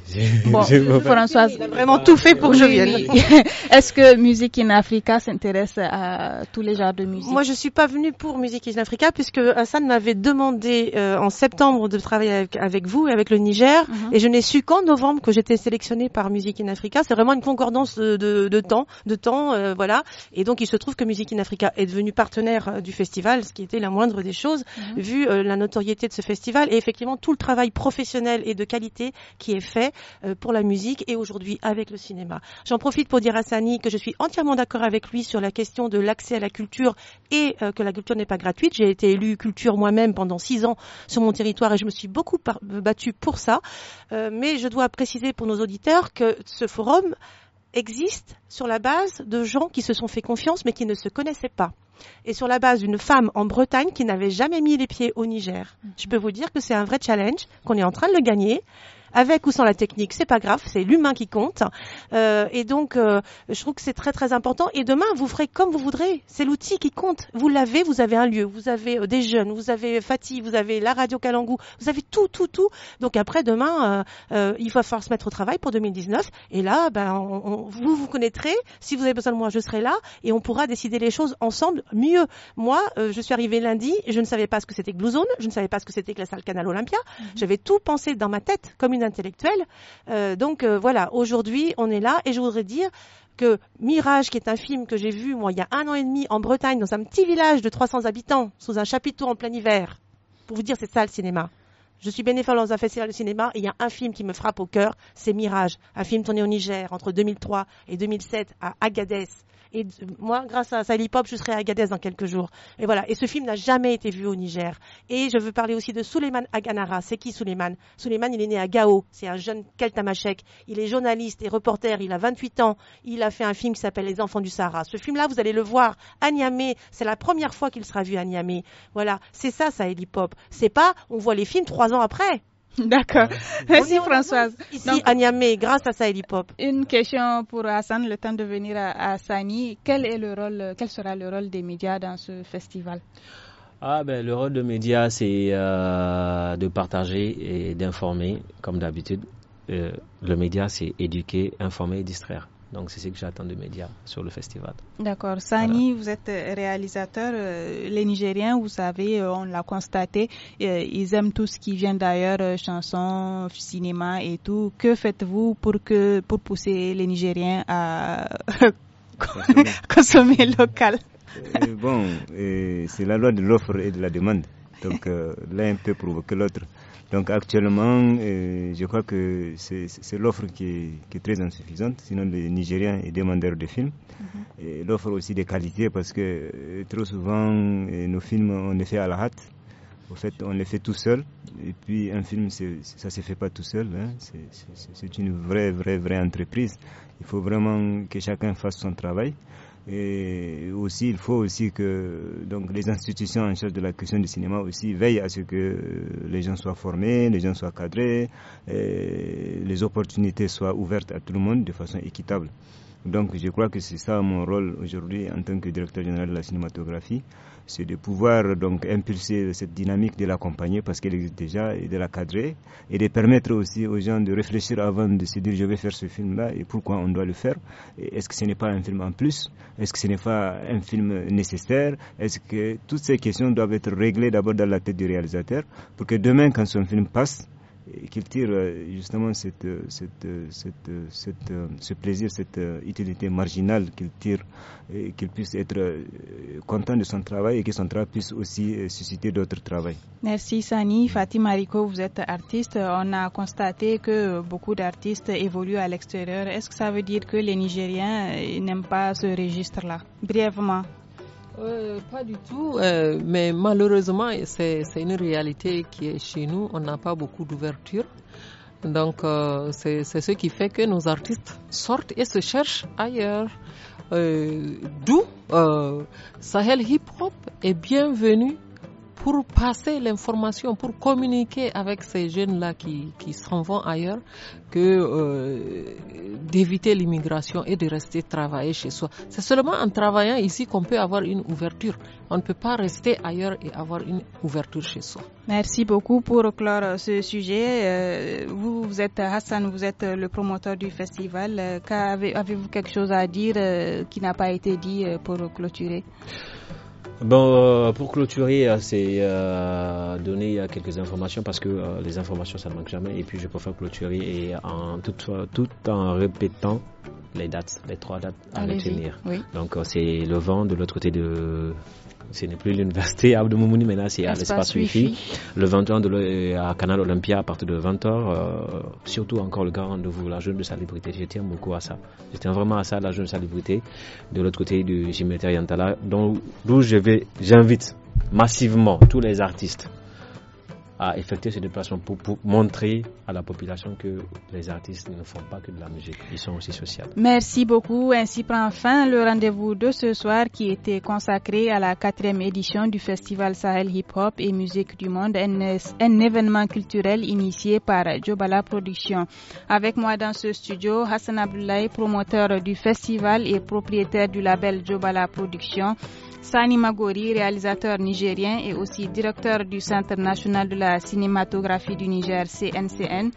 Bon, Françoise, il a vraiment tout fait pour que je vienne. Est-ce que Musique in Africa s'intéresse à tous les genres de musique Moi, je suis pas venue pour Musique in Africa puisque Hassan m'avait demandé euh, en septembre de travailler avec, vous et avec le Niger, mhm. et je n'ai su qu'en novembre que j'étais sélectionnée par Musique in Africa. C'est vraiment une concordance de, temps, de temps, euh, voilà. Et donc, il se trouve que Musique in Africa est devenue partenaire euh, du festival, ce qui était la moindre des choses, mhm. vu la notoriété de ce festival et effectivement tout le travail professionnel et de qualité qui est fait euh, pour la musique et aujourd'hui avec le cinéma. J'en profite pour dire à Sani que je suis entièrement d'accord avec lui sur la question de l'accès à la culture et euh, que la culture n'est pas gratuite. J'ai été élue culture moi-même pendant six ans sur mon territoire et je me suis beaucoup euh, battue pour ça. mais je dois préciser pour nos auditeurs que ce forum existe sur la base de gens qui se sont fait confiance mais qui ne se connaissaient pas. Et sur la base d'une femme en Bretagne qui n'avait jamais mis les pieds au Niger. Mm-hmm. Je peux vous dire que c'est un vrai challenge, qu'on est en train de le gagner, avec ou sans la technique, c'est pas grave, c'est l'humain qui compte. Euh, et donc, euh, je trouve que c'est très très important. Et demain, vous ferez comme vous voudrez. C'est l'outil qui compte. Vous l'avez, vous avez un lieu, vous avez euh, des jeunes, vous avez Fatih, vous avez la radio Calangou, vous avez tout, tout, tout. Donc après, demain, euh, il va falloir se mettre au travail pour 2019. Et là, ben, vous vous connaîtrez. Si vous avez besoin de moi, je serai là et on pourra décider les choses ensemble mieux. Moi, je suis arrivée lundi, je ne savais pas ce que c'était que Blue Zone, je ne savais pas ce que c'était que la salle Canal Olympia. Mhm. J'avais tout pensé dans ma tête comme une intellectuels. Euh, donc euh, voilà, aujourd'hui, on est là et je voudrais dire que Mirage, qui est un film que j'ai vu, moi, il y a un an et demi en Bretagne, dans un petit village de 300 habitants, sous un chapiteau en plein hiver, pour vous dire, c'est ça le cinéma. Je suis bénévole dans un festival de cinéma et il y a un film qui me frappe au cœur, c'est Mirage, un film tourné au Niger entre 2003 et 2007 à Agadez. Et moi, grâce à Sally Pop, je serai à Agadez dans quelques jours. Et voilà. Et ce film n'a jamais été vu au Niger. Et je veux parler aussi de Suleiman Aganara. C'est qui Suleiman Suleiman, il est né à Gao. C'est un jeune Keltamachek. Il est journaliste et reporter. Il a 28 ans. Il a fait un film qui s'appelle Les Enfants du Sahara. Ce film-là, vous allez le voir à Niamey. C'est la première fois qu'il sera vu à Niamey. Voilà. C'est ça, Salih Pop. C'est pas, on voit les films trois ans après. D'accord. Merci Françoise. Donc, grâce à Hip Une question pour Hassan, le temps de venir à, à Sani. Quel est le rôle, quel sera le rôle des médias dans ce festival? Ah ben, le rôle des médias, c'est euh, de partager et d'informer, comme d'habitude. Euh, le média, c'est éduquer, informer et distraire. Donc c'est ce que j'attends de médias sur le festival. D'accord. Sani, vous êtes euh, réalisateur. Euh, les Nigériens, vous savez, euh, on l'a constaté, ils aiment tout ce qui vient d'ailleurs, chansons, cinéma et tout. Que faites-vous pour que pour pousser les Nigériens à consommer, local Bon, c'est la loi de l'offre et de la demande. Donc l'un peut provoquer l'autre. Donc actuellement, euh, je crois que c'est l'offre qui, est très insuffisante, sinon les Nigériens est demandeurs de films. Mhm. L'offre aussi des qualités parce que euh, trop souvent, euh, nos films, on les fait à la hâte. Au fait, on les fait tout seul. Et puis un film, ça ne se fait pas tout seul. Hein. C'est une vraie, vraie, vraie entreprise. Il faut vraiment que chacun fasse son travail. Et aussi, il faut aussi que donc les institutions en charge de la question du cinéma aussi veillent à ce que euh, les gens soient formés, les gens soient cadrés, les opportunités soient ouvertes à tout le monde de façon équitable. Donc, je crois que c'est ça mon rôle aujourd'hui en tant que directeur général de la cinématographie c'est de pouvoir donc impulser cette dynamique de l'accompagner parce qu'elle existe déjà et de la cadrer et de permettre aussi aux gens de réfléchir avant de se dire je vais faire ce film là et pourquoi on doit le faire est-ce que ce n'est pas un film en plus est-ce que ce n'est pas un film nécessaire est-ce que toutes ces questions doivent être réglées d'abord dans la tête du réalisateur pour que demain quand son film passe qu'il tire euh, justement euh, euh, ce plaisir, cette utilité marginale qu'il tire, qu'il puisse être content de son travail et que son travail puisse aussi susciter d'autres travaux. Merci Sani. Mm. Fatima Rico, vous êtes artiste. On a constaté que beaucoup d'artistes évoluent à l'extérieur. Est-ce que ça veut dire que les Nigériens n'aiment pas ce registre-là Brièvement. Euh, pas du tout, euh, mais malheureusement, c'est une réalité qui est chez nous. On n'a pas beaucoup d'ouverture. Donc, euh, c'est ce qui fait que nos artistes sortent et se cherchent ailleurs. D'où Sahel Hip Hop est bienvenue pour passer l'information, pour communiquer avec ces jeunes-là qui, qui s'en vont ailleurs, que euh, d'éviter l'immigration et de rester travailler chez soi. C'est seulement en travaillant ici qu'on peut avoir une ouverture. On ne peut pas rester ailleurs et avoir une ouverture chez soi. Merci beaucoup pour clore euh, ce sujet. Euh, vous, vous êtes Hassan, vous êtes le promoteur du festival. Avez-vous quelque chose à dire qui n'a pas été dit pour clôturer? Bon, euh, pour clôturer, euh, c'est euh, donner quelques informations parce que les informations ça ne manque jamais. Et puis je préfère clôturer et en tout, tout en répétant les dates, les trois dates à retenir. Donc c'est le vent de l'autre côté de ce n'est plus l'université Abdou mais maintenant c'est à l'espace wifi Le 21 de euh, à Canal Olympia à partir de 20h, euh, surtout encore le grand rendez-vous, la jeune de salubrité. Je tiens beaucoup à ça. Je tiens vraiment à ça, la jeune de salubrité, de l'autre côté du cimetière Yantala, d'où j'invite massivement tous les artistes à effectuer ces déplacements pour, pour, montrer à la population que les artistes ne font pas que de la musique, ils sont aussi sociaux. Merci beaucoup. Ainsi prend fin le rendez-vous de ce soir qui était consacré à la quatrième édition du Festival Sahel Hip Hop et Musique du Monde, un, événement culturel initié par Jobala Productions. Avec moi dans ce studio, Hassan Abdoulaye, promoteur du festival et propriétaire du label Jobala Productions. Sani Magori, réalisateur nigérien et aussi directeur du Centre national de la cinématographie du Niger, CNCN.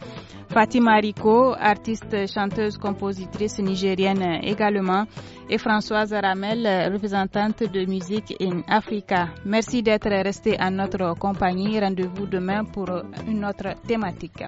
Fatima Rico, artiste, chanteuse, compositrice nigérienne également. Et Françoise Aramel, représentante de Musique in Africa. Merci d'être resté à notre compagnie. Rendez-vous demain pour une autre thématique.